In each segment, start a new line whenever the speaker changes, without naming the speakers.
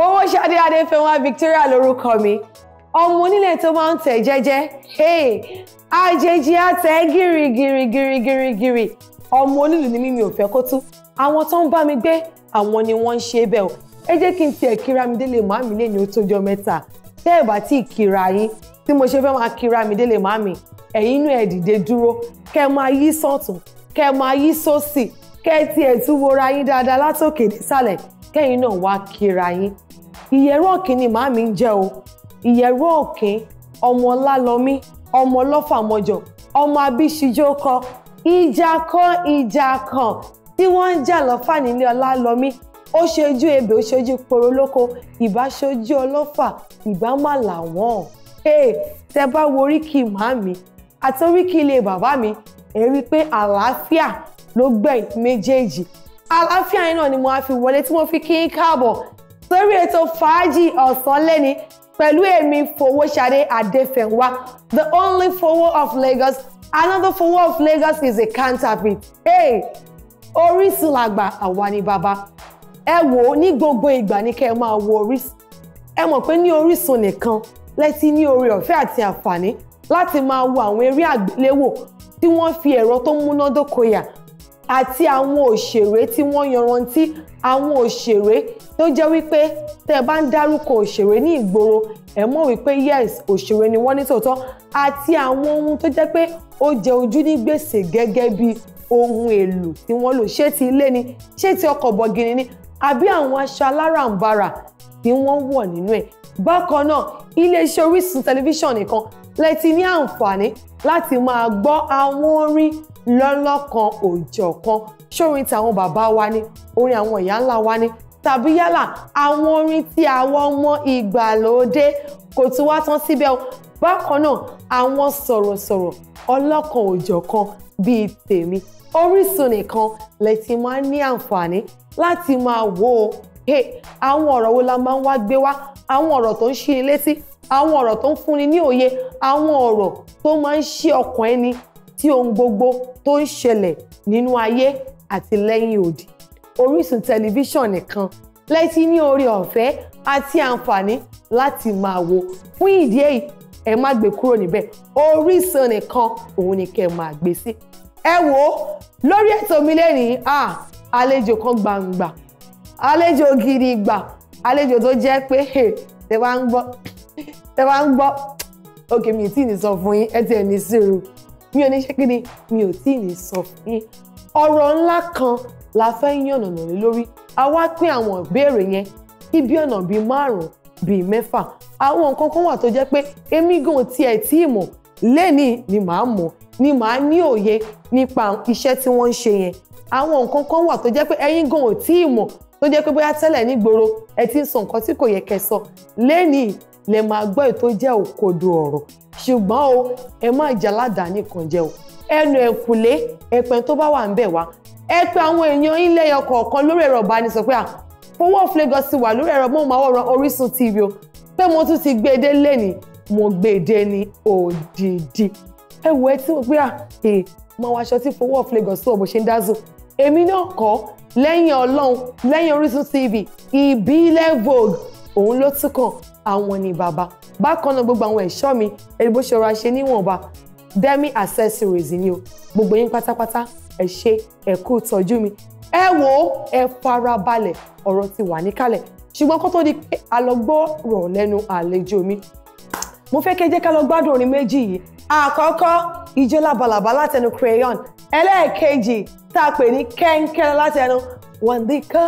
Fowóṣadé Adéfẹ́wá Victoria lórúkọ mi ọmọ onílẹ̀ tó máa ń tẹ̀ jẹ́jẹ́ àjèjì àtẹ̀ gírígírígírígírí ọmọ onílù ni mímí ò fẹ́ kó tú àwọn tó ń bá mi gbé àwọn ni wọ́n ń ṣe bẹ́ẹ̀ o ẹ jẹ́ kí n tiẹ̀ kíra mi délé màá mi lẹ́yìn ó tó jọ mẹ́ta tẹ́ ẹ̀ bá tí ì kíra yín tí mo ṣe fẹ́ máa kíra mi délé màá mi ẹ̀yin inú ẹ̀ dìde dúró kẹ́ ẹ máa yí sọ̀tún kẹ́ ẹ máa yí sósì kẹ́ ẹ tiẹ̀ tún wora yín dáadáa látòkè désàlẹ̀ kẹ́yìn náà wá kíra yín ìyẹ̀rú ọ̀kín ni màámi ń jẹ́ o ìyẹ̀rú ọ̀kín ọmọ ọlálọ́mí ọmọ ọlọ́fàmọjọ ọmọ abíṣijókọ ìjà kan ìjà kan tí wọ́n ń jà lọ́fà nílé ọlálọ́mí ó ṣojú ebè ó ṣojú porolóko ìbáṣojú ọlọ́fà ìbámàlà wọ́n tẹ bá wo oríkì màámi àti oríkì ilé bàbá mi ẹ rí i pé àlàáfíà ló gbẹ̀yìn méjèèjì àlàáfíà yẹn náà ni mo á fi wọlé tí mo fi kí n káàbọ̀ sórí ètò fàájì ọ̀sán lẹ́ni pẹ̀lú èmi Fowóṣadé Adéfẹ̀nwá the only Fowo of Lagos another Fowo of Lagos is a counterfeit hey, Orísun làgbà àwa ni bàbá ẹ wò ó ní gbogbo ìgbà ní kẹ́ ẹ máa wo Orísun ẹ mọ̀ pé ní Orísun nìkan lẹ́tí ní oore ọ̀fẹ́ àti àǹfààní láti máa wo àwọn eré àgbéléwò tí wọ́n fi ẹ̀rọ tó múnádóko yà àti àwọn òṣèré tí wọ́n yanrantí àwọn òṣèré tó jẹ́ wípé tẹ́ ẹ bá ń dárúkọ òṣèré ní ìgboro ẹ mọ̀ wípé yes òṣèré ni wọ́n ní tòótọ́ àti àwọn ohun tó jẹ́ pé ó jẹ ojú ní gbèsè gẹ́gẹ́ bí ohun èlò tí wọ́n lò ṣé ti ilé ni ṣé ti ọkọ̀ bọ̀gìnì ni àbí àwọn aṣọ aláràǹbarà tí wọ́n wọ̀ nínú ẹ̀ bákan náà iléeṣẹ́ Orísun tẹlifíṣàn nìkan lẹ ti ní àǹfààní láti máa gbọ́ àwọn orin lọ́lọ́kan òjọ̀kan ṣórin tí àwọn bàbá wa ni orin àwọn ìyá ńlá wa ni tàbí yálà àwọn orin tí àwọn ọmọ ìgbàlódé kò tún wá tán síbẹ̀ o bákan náà àwọn sọ̀rọ̀sọ̀rọ̀ ọlọ́kan òjọ̀kan bíi tèmi Orísun nìkan lè ti máa ní àǹfààní láti máa wò ó àwọn ọ̀rọ̀ wo la máa ń wá gbé wá àwọn ọ̀rọ̀ tó ń ṣí ilé sí àwọn ọ̀rọ̀ tó ń fúnni ní òye àwọn ọ̀rọ̀ tó máa ń ṣí ọkàn ẹni tí ohun gbogbo tó ń ṣẹlẹ̀ nínú ayé àti lẹ́yìn òdì Orísun tẹlifíṣàn nìkan lẹ́tí ní oore ọ̀fẹ́ àti àǹfààní láti máa wo fún ìdí èyí ẹ má gbé kúrò níbẹ̀ Orísun nìkan òun ni kẹ́ ẹ máa gbé sí. ẹ wo lórí ètò mi lẹ́nìí àlejò kan gbangba àlejò gidi gbà àlejò tó jẹ́ pé tẹ wá ń gbọ́ tẹ wá ń gbọ́ òkè mi ì tí ì ní sọ fún yín ẹ tiẹ̀ ní sùúrù mi ò ní ṣe kíni mi ò tí ì ní sọ fún yín ọ̀rọ̀ ńlá kan la fẹ́ yànnàná lé lórí a wá pín àwọn ìbéèrè yẹn kí bí ọ̀nà bíi márùn-ún bíi mẹ́fà àwọn nǹkan kan wà tó jẹ́ pé èmi gan tiẹ̀ tí ì mọ̀ lẹ́ni ni màá mọ̀ ni màá ní òye nípa iṣẹ́ tí wọ́n ń ṣe yẹn àwọn nǹkan kan wà tó jẹ́ pé ẹ̀yin gan ò tí ì mọ̀ tó jẹ́ pé bóyá tẹ́lẹ̀ nígboro ẹ ti ń sọ nǹkan tí kò yẹ kẹ́ sọ lẹ́ni lè máa gbọ́ ètò jẹ́ òkodo ọ̀rọ̀ ṣùgbọ́n o ẹ má jà ládàáni kan jẹ́ o ẹnu ẹ̀kùlé ẹ̀pẹ̀ tó bá wà ń bẹ̀ wá ẹ pé àwọn èèyàn yín lẹ́yọ kọ̀ọ̀kan lórí ẹ̀rọ ìbánisọ̀ pé à fowó of Lagos ti wà lórí ẹ̀rọ mọ́ọ̀máwòrán Orísun TV o pé mo tún ti gbé e dé lẹ́nìí mo gbé e dé ní òdìdí ẹ wò ẹ tí mo pé à ẹ máa wọ aṣọ tí fowó of Lagos tó bó ṣe ń dázò èmi náà kọ́ lẹ́yìn Ọlọ́run lẹ́yìn Orísun TV ìbílẹ̀ Vogue òun ló tún kàn àwọn ni bàbá bákan náà gbogbo àwọn ẹ̀ṣọ́ mi ẹni bó ṣe níwọ̀nba demi accessories ni o gbogbo yín pátápátá ẹ ṣe ẹ kú tọ́jú mi ẹ wò ó ẹ farabalẹ̀ ọ̀rọ̀ ti wà níkàlẹ̀ ṣùgbọ́n kó tó di pé a lọ gbọ́ rọ̀ lẹ́nu àlejò mi mo fẹ́ kẹ́ jẹ́ ká lọ gbádùn orin méjì yìí àkọ́kọ́ ijó labalábá látẹnu crayon ẹlẹ́ẹ̀kejì tá a pè ní kẹ́ńkẹ́ látẹnu wàndíkà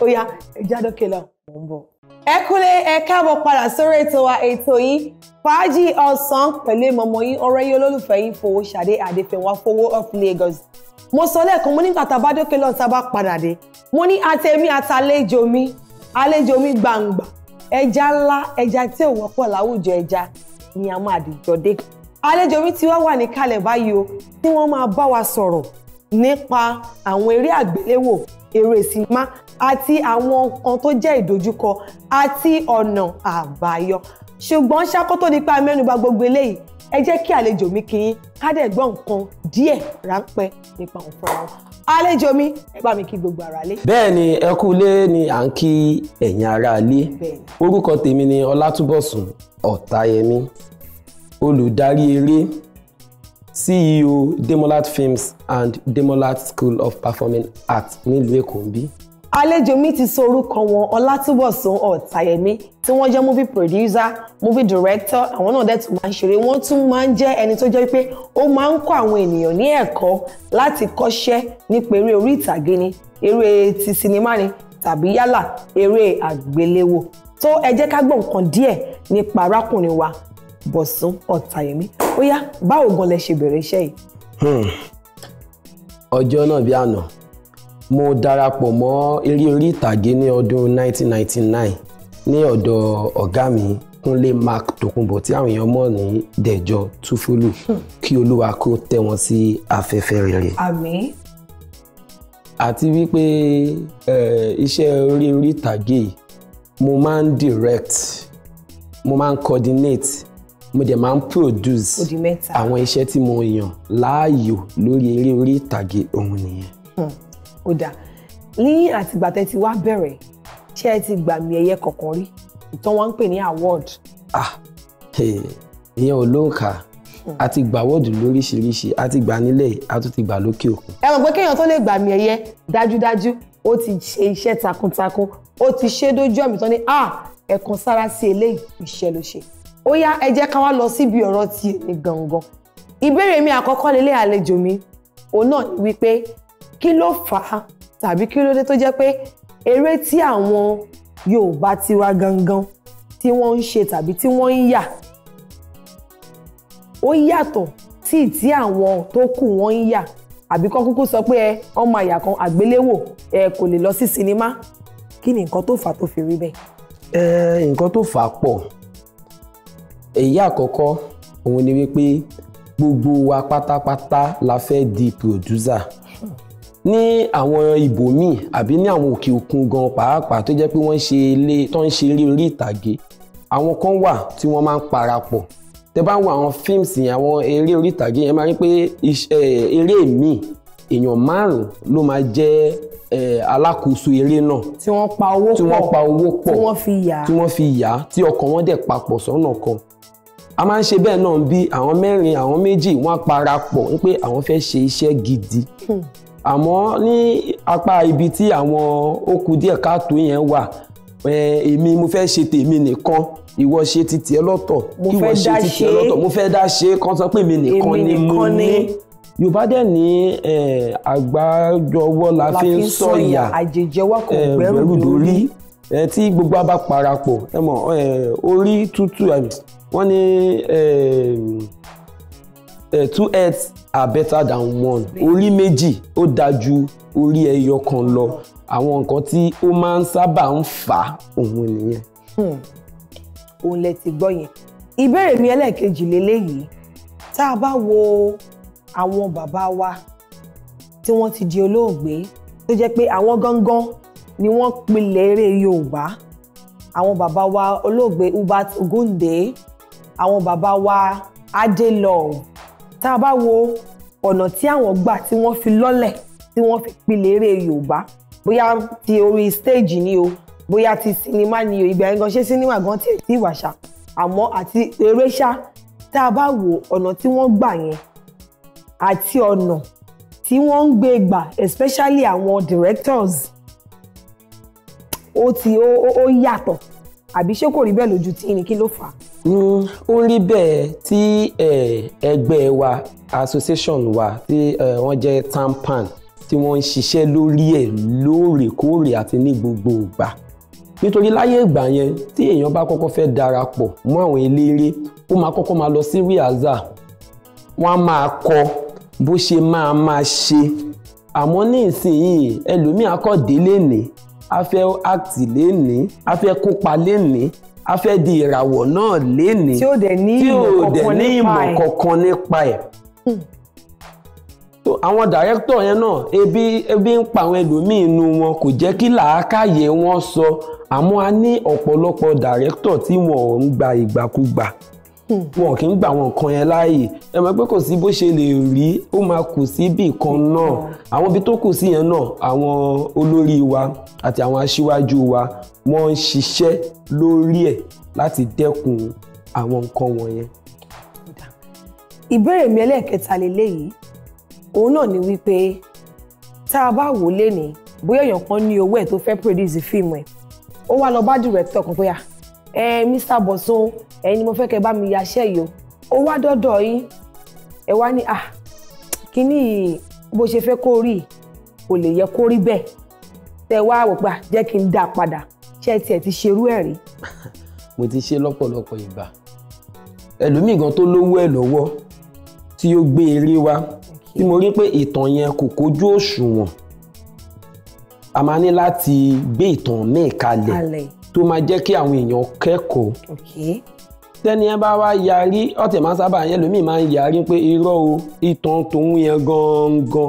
ó yá ẹ̀já dókè lọ mò ń bọ̀ ẹ kúlé ẹ káàbọ̀ padà sórí ètò wa ètò yìí fàájì ọ̀sán pẹ̀lú ìmọ̀mọ́ yín ọ̀rẹ́ yín olólùfẹ́ yín Fowóṣadé Adéfẹ́wá Fowó of Lagos. mo sọ lẹ́ẹ̀kan mo ní gbàtà bá dókè lọ́n tá a bá padà dé mo ní àtẹ̀mí àtàlejò mi àlejò mi gbangba ẹja ńlá ẹja tí ò wọ́pọ̀ láwùjọ ẹja ni a máa dìjọ dé. àlejò mi ti wá wà ní kalẹ̀ báyìí o tí wọ́n máa bá wa sọ̀rọ̀ nípa àwọn eré àgbéléwò eré sinimá àti àwọn nǹkan tó jẹ́ ìdojúkọ àti ọ̀nà àbáyọ ṣùgbọ́n ṣáko tó nípa mẹ́nuba gbogbo eléyìí ẹ jẹ́ kí àlejò mi kí yín ká dẹ̀ gbọ́ nǹkan díẹ̀ ráńpẹ́ nípa òfin wọn àlejò mi ẹ bá mi kí gbogbo ara lé.
bẹ́ẹ̀ ni ẹ kú ilé ni à ń kí ẹ̀yin ará ilé orúkọ tèmi ni ọlátúbọ̀sùn ọ̀tayẹmí olùdarí eré CEO Demolat Films and Demolat School of Performing Arts nílùú èkó ń bí
àlejò mi ti sọ orúkọ wọn ọlátúbọ̀sún ọ̀tàyẹmí tí wọ́n jẹ́ movie producer movie director àwọn náà dẹ̀ tún máa ń ṣeré wọ́n tún máa ń jẹ́ ẹni tó jẹ́ pé ó máa ń kọ́ àwọn ènìyàn ní ẹ̀kọ́ láti kọ́ṣẹ́ nípa eré orí ìtàgé ni eré ti sinimá ni tàbí yálà eré àgbéléwò tó ẹ jẹ́ ká gbọ́ nǹkan díẹ̀ nípa arákùnrin wa bọ̀sún ọ̀tàyẹmí ó yá báwo gan lẹ ṣe bẹ̀rẹ̀ iṣẹ́ yìí.
Hmm. ọjọ́ náà bí àná mo darapọ̀ mọ́ eré orí ìtàgé ní ọdún 1999 ní ọ̀dọ̀ ọ̀gá mi Kúnlé Mark Tòkunbọ̀ tí àwọn èèyàn mọ̀ ní Dẹ̀jọ Túfúlù kí Olúwa kó tẹ́ wọn sí afẹ́fẹ́ rere. àti wípé iṣẹ́ eré orí ìtàgé mo máa ń direct mo máa ń coordinate mo dẹ̀ máa ń produce àwọn iṣẹ́ tí mo yàn láàyò lórí eré orí ìtàgé ọ̀hún nìyẹn.
Hmm ó dáa ní àtìgbà tẹ́ ti wá bẹ̀rẹ̀ ṣé ẹ ti gbàmì ẹ̀yẹ kọ̀ọ̀kan rí ìtàn wọn ń pè ní award. ah
ìyẹn ò lóǹkà hmm. a ti gba awọ́ọ̀dù lóríṣiríṣi a ti gbà nílẹ̀ a tún ti gbà lókè òkun.
ẹ mọ̀ pé kéèyàn tó lè gbàmì ẹ̀yẹ dájúdájú ó ti ṣe iṣẹ́ takuntakun ó ti ṣe dójú ọ̀mì tán ni ah ẹ̀kan sára sí eléyìí iṣẹ́ ló ṣe. ó yá ẹ jẹ́ ká wá lọ síbi ọ̀rọ̀ ti èmi gangan. ìbéèrè mi àkọ́kọ́ lélẹ̀ àlejò mi òun náà ni wípé kí ló fà á tàbí kí ló dé tó jẹ́ pé eré tí àwọn Yorùbá tiwa gangan tí wọ́n ń ṣe tàbí tí wọ́n ń yà ó yàtọ̀ tí tí àwọn tó kù wọ́n ń yà àbí kọ́ kúkú sọ pé ẹ ọmọ àyà kan àgbéléwò ẹ kò lè lọ sí sinimá kí ni nǹkan tó fà á tó fi rí bẹ́ẹ̀.
ẹ nǹkan tó fà á pọ̀ èyí àkọ́kọ́ òun ni wípé gbogbo wa pátápátá la fẹ́ di producer ní àwọn ibòmíì àbí ní àwọn òkè òkun gan pàápàá tó jẹ́ pé wọ́n ṣe ilé tó ń ṣe eré orí ìtàgé àwọn kan wà tí wọ́n máa ń parapọ̀ tẹ́ bá ń wo àwọn fíìmsì àwọn eré orí ìtàgé yẹn máa rí pé eré míì èèyàn márùn ló máa jẹ́ alákòóso eré náà. tí wọ́n pa owó pọ̀ tí wọ́n pa owó pọ̀ tí wọ́n fi yà tí wọ́n fi yà tí ọkàn wọn dẹ̀ papọ̀ sọ́nà kan a máa ń ṣe bẹ́ẹ̀ náà bí àwọn mẹ́rin àwọn méjì wọ́n parapọ̀ ń pé àwọn fẹ́ ṣe iṣẹ́ gidi. Hmm àmọ́ ní apá ibi tí àwọn ó kù díẹ̀ káàtó yẹn wà èmi mo fẹ́ ṣe tèmi nìkan ìwọ ṣe ti tiẹ̀ lọ́tọ̀ kí ìwọ ṣe ti tiẹ̀ lọ́tọ̀ mo fẹ́ dá ṣe kan sọ pé èmi nìkan ni mo ní yorùbá dẹ̀ ní àgbájọwọ́ la fi ń sọ̀yà àjèjẹwọ́ kò gbẹ́rù dórí tí gbogbo a parapọ̀ ẹ mọ̀ orí tútù wọ́n ní. Eh, two heads are better than one orí méjì ó dájú orí ẹyọ kan lọ àwọn nǹkan tí ó máa ń sábà ń fà òun nìyẹn.
Hmm. òun lẹ ti gbọ́ yẹn ìbéèrè mi ẹlẹ́ẹ̀kejì lélẹ́yìí tá a bá wo àwọn bàbá wa tí wọ́n ti di olóògbé tó jẹ́ pé àwọn gangan ni wọ́n pilẹ̀ eré Yorùbá àwọn bàbá wa olóògbé Hubert Ogunde àwọn bàbá wa Adelove tá a bá wo ọ̀nà tí àwọn gbà tí wọ́n fi lọ́lẹ̀ tí wọ́n fi pilẹ̀ eré Yorùbá bóyá ti orí stage ni o bóyá ti sinimá ni o ìgbà yẹn gan ṣé sinimá gan ti ti wàṣà àmọ́ àti eré ṣá tá a bá wo ọ̀nà tí wọ́n gbà yẹn àti ọ̀nà tí wọ́n ń gbé gbà especially àwọn directors ó ti ó yàtọ̀ àbí ṣé kò rí bẹ́ẹ̀ lójú tí ní kí ló fà á
ó rí bẹ́ẹ̀ tí ẹgbẹ́ wa association wa tí wọ́n jẹ́ tampan tí wọ́n ń ṣiṣẹ́ lórí ẹ̀ lóòrèkóòrè àti ní gbogbo ìgbà nítorí láyé ìgbà yẹn tí èèyàn bá kọ́kọ́ fẹ́ darapọ̀ mọ́ àwọn eléré ó máa kọ́kọ́ máa lọ sí riaza wọ́n á máa kọ bó ṣe máa máa ṣe àmọ́ ní ìsinyìí ẹlòmíì akọ́dé lénìí a fẹ́ act lénìí a fẹ́ kópa lénìí a fẹ́ di ìràwọ̀ náà lénìí tí ò dẹ̀ ní ìmọ̀ kankan nípa ẹ̀ hmm. so àwọn dàrẹ́kítọ̀ yẹn náà ebi ebi ń pa àwọn ẹlòmíín inú wọn kò jẹ́ kí làákàyè wọn sọ àmọ́ a ní ọ̀pọ̀lọpọ̀ dàrẹ́kítọ̀ tí wọn ò ń gba ìgbàkúgbà wọn kì í gba àwọn nǹkan yẹn láàyè ẹ mọ̀ pé kò sí bó ṣe lè rí ó máa kù sí ibì kan náà àwọn ibi tó kù sí yẹn náà àwọn olórí wa àti àwọn aṣíwájú wa wọ́n ń ṣiṣẹ́ lórí ẹ̀ láti dẹ́kun àwọn nǹkan wọ̀nyẹn.
ìbéèrè mi ẹlẹ́ẹ̀kẹta lélẹ́yìí òun náà ni wípé tá a bá wò lénìí bóyá èèyàn kan ní owó ẹ̀ tó fẹ́ produce fíìmù ẹ̀ ó wá lọ bá dìrẹ́tọ̀ kan pé ẹ Mr. Bosun ẹ̀yin ni mo fẹ́ kẹ́ bá mi yaṣẹ́ yìí o ó wá dọ́dọ̀ yín ẹ wá ní ah kíní yìí bó ṣe fẹ́ kó rí kò lè yẹ kó rí bẹ́ẹ̀ tẹ wá wò pa jẹ́ kí n dá a padà ṣé tiẹ̀ ti ṣerú ẹ̀
rí. mo ti ṣe lọ́pọ̀lọpọ̀ ìgbà ẹlòmíì gan tó lówó ẹ̀ lọ́wọ́ tí ó gbé eré wá tí mo rí pé ìtàn yẹn kò kójú òṣùwọ̀n a máa ní láti gbé ìtàn míì kalẹ̀ tó máa jẹ́ kí àwọn èèyàn kẹ́kọ̀ọ́ tẹ́ni ẹ bá wá yarí ọ̀tẹ̀ máa sábà yẹn lómi máa ń yarí pé irọ́ o ìtàn tòun yẹn gangan kò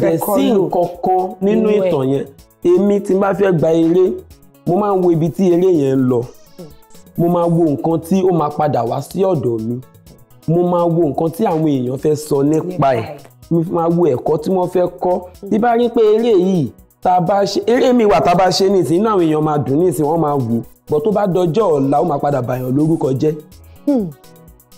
dẹ̀ sí nǹkan nínú ìtàn yẹn èmi tí n bá fẹ́ gba eré mo máa ń wo ibi tí eré yẹn ń lọ mo máa wo nǹkan tí ó máa padà wá sí ọ̀dọ̀ mi mo máa wo nǹkan tí àwọn èèyàn fẹ́ sọ nípa ẹ̀ mo máa wo ẹ̀kọ́ tí wọ́n fẹ́ kọ́ bí bá rí pé eré yìí tá a bá ṣe eré mi wà tá a bá ṣe nísìnyí inú àwọn èèyàn máa dùn nísìnyí wọ́n máa wò bọ́ tó bá dọjọ́ ọ̀la ó máa padà bàyàn lórúkọ jẹ́ hmm.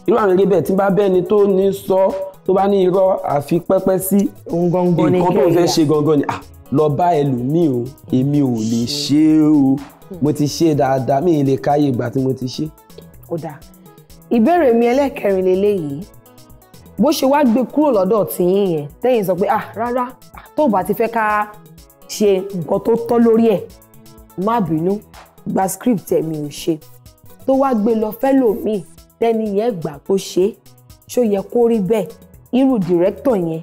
irú àwọn eré bẹ́ẹ̀ tí bá bẹ́ni tó ní sọ tó bá ní irọ́ àfi pẹ́pẹ́ sí nǹkan tó fẹ́ ṣe gangan ni lọ bá ẹlòmíì o èmi ò lè ṣe é o mo ti ṣe dáadáa mi ì lè káyè ìgbà tí mo ti ṣe.
ó dáa ìbéèrè mi ẹlẹ́kẹrin lélẹ́yìí bó ṣe wá gbé kúrò lọ́dọ̀ tìyín yẹn tẹ́yìn sọ pé ah rárá tó bá ti fẹ́ ká ṣe nǹkan tó tọ́ lórí ẹ̀ má bínú gba script ẹ̀mí ò ṣe tó wá gbé lọ fẹ́lòmíì lẹ́ni yẹn gbà kó ṣe é ṣó yẹ kó rí bẹ́ẹ̀ irú dìrẹ́kítọ̀ yẹn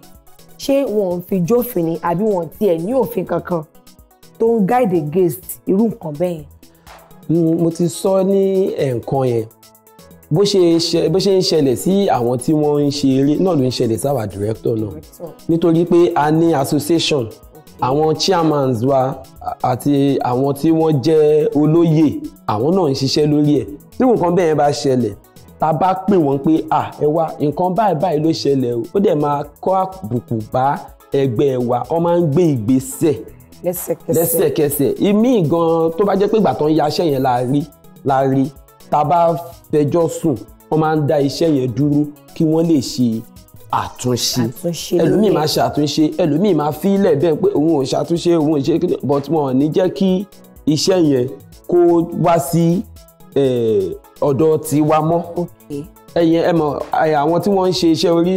ṣé wọn ò fi jófin ni àbí wọn tiẹ̀ ní òfin kankan tó ń guide against irú nǹkan bẹ́ẹ̀
yẹn. mo ti sọ ní ẹ̀ǹkan yẹn bó ṣe bó ṣe ń ṣẹlẹ̀ sí àwọn tí wọ́n ń ṣe eré náà ló ń ṣẹlẹ̀ sáwà director náà nítorí pé a ní association àwọn chairmans wa àti àwọn tí wọ́n jẹ́ olóyè àwọn náà ń ṣiṣẹ́ lórí ẹ̀ tí nǹkan bẹ́ẹ̀ bá ṣẹlẹ̀ ta bá pè wọ́n pé à ẹ wá nǹkan báyìí báyìí ló ṣẹlẹ̀ o ó dẹ̀ máa kọ́ àbùkù bá ẹgbẹ́ wa wọ́n máa ń gbé ìgbésẹ̀ lẹ́sẹ̀kẹsẹ̀ ìmí gan tó bá jẹ́ pé ìgbà tó ń yaṣẹ́ yẹn la rí la rí ta bá fẹjọ́ sùn wọ́n máa ń dá iṣẹ́ yẹn dúró kí wọ́n lè ṣe àtúnṣe ẹlòmíì máa ṣe àtúnṣe ẹlòmíì máa fi ilẹ̀ bẹ́ẹ̀ pé òun ò ṣàtúnṣe òun ò ṣe but wọn ò ní jẹ́ kí iṣẹ́ yẹn kó wá sí ọ̀dọ̀ tiwa mọ́ ẹyin ẹ mọ̀ àwọn tí wọ́n ń ṣe iṣẹ́ orí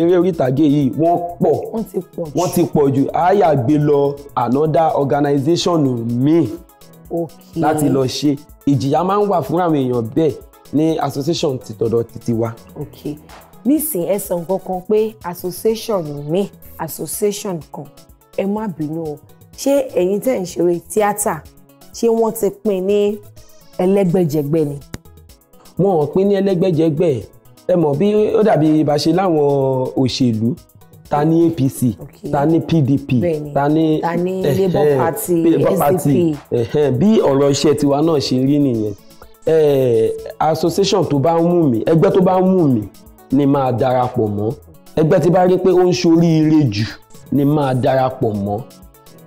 eré orí ìtàgé yìí wọ́n pọ̀ wọ́n ti pọ̀ jù àyà gbé lọ another organization míì láti lọ ṣe ìjìyà máa ń wà fún àwọn èèyàn bẹ́ẹ̀ ní association ti tọ̀dọ̀ títí wa.
Okay nísìn ẹ sọ nǹkan kan pé association mi association kan ẹ má bínú o ṣé ẹ̀yin tẹ̀ ń ṣeré tíátà ṣé wọ́n ti pín ní ẹlẹ́gbẹ́jẹgbẹ́ ni.
wọn ò pín ní ẹlẹ́gbẹ́jẹgbẹ́ ẹ mọ̀ bí ó dàbí bá ṣe láwọn òṣèlú ta ní APC okay. ta ní PDP ta ní Labour Party SDP bí ọ̀rọ̀ iṣẹ́ tiwa náà ṣe rí nìyẹn association tó bá ń mú mi ẹgbẹ́ tó bá ń mú mi ni máa darapọ̀ mọ́ ẹgbẹ́ tí bá rí pé ó ń ṣoríire jù ni máa darapọ̀ mọ́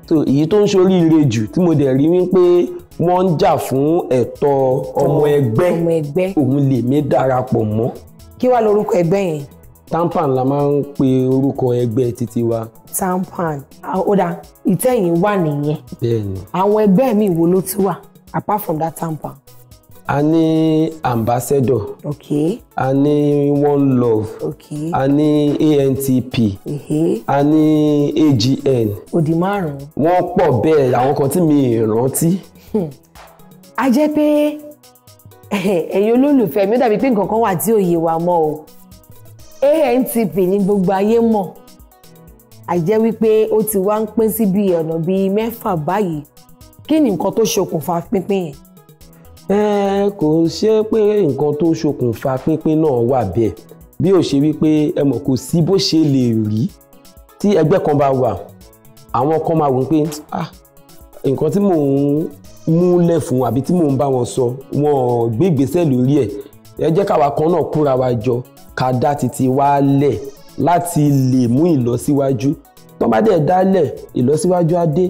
so èyí tó ń ṣoríire jù tí mo dẹ̀ rí wípé wọ́n ń jà fún ẹ̀tọ́ ọmọ ẹgbẹ́ òun lèmi darapọ̀ mọ́. kí wàá lórúkọ ẹgbẹ́ yẹn. tampan la máa ń pe orúkọ ẹgbẹ́ títí wa.
tampan ọ̀dà ìtẹ̀yìn wà nìyẹn. bẹ́ẹ̀ni. àwọn ẹgbẹ́ mi wo ló ti wà apart from that tampan
a ní ambassador okay. a ní one love okay. a ní antp uh-huh. a ní agn. òdì márùn-ún. wọ́n pọ̀ bẹ́ẹ̀ àwọn kan tí mi rántí.
Hmm. a jẹ́ pé ẹ̀yin olólùfẹ́ mi ó dàbí pé nǹkan kan wà tí ò wa mọ́ o antp ní gbogbo ayé mọ̀ àjẹ́ wípé ó ti wá ń pín sí bíi ọ̀nà bíi mẹ́fà báyìí kí ni nǹkan tó ṣokùnfà pínpín yẹn
ẹ kò ṣe pé nǹkan tó ṣokùnfà pínpín náà wà bẹ́ẹ̀ bí ó ṣe wípé ẹ mọ̀ kò sí bó ṣe lè rí tí ẹgbẹ́ kan bá wà àwọn kan máa wò pé ah nǹkan tí mò ń múlẹ̀ fún àbí tí mò ń bá wọn sọ wọn gbé ìgbésẹ̀ lórí ẹ̀ ẹ jẹ́ káwa kan náà kúra wa jọ ká dá títí wa lẹ̀ láti lè mú ìlọsíwájú tó dẹ̀ dálẹ̀ ìlọsíwájú á dé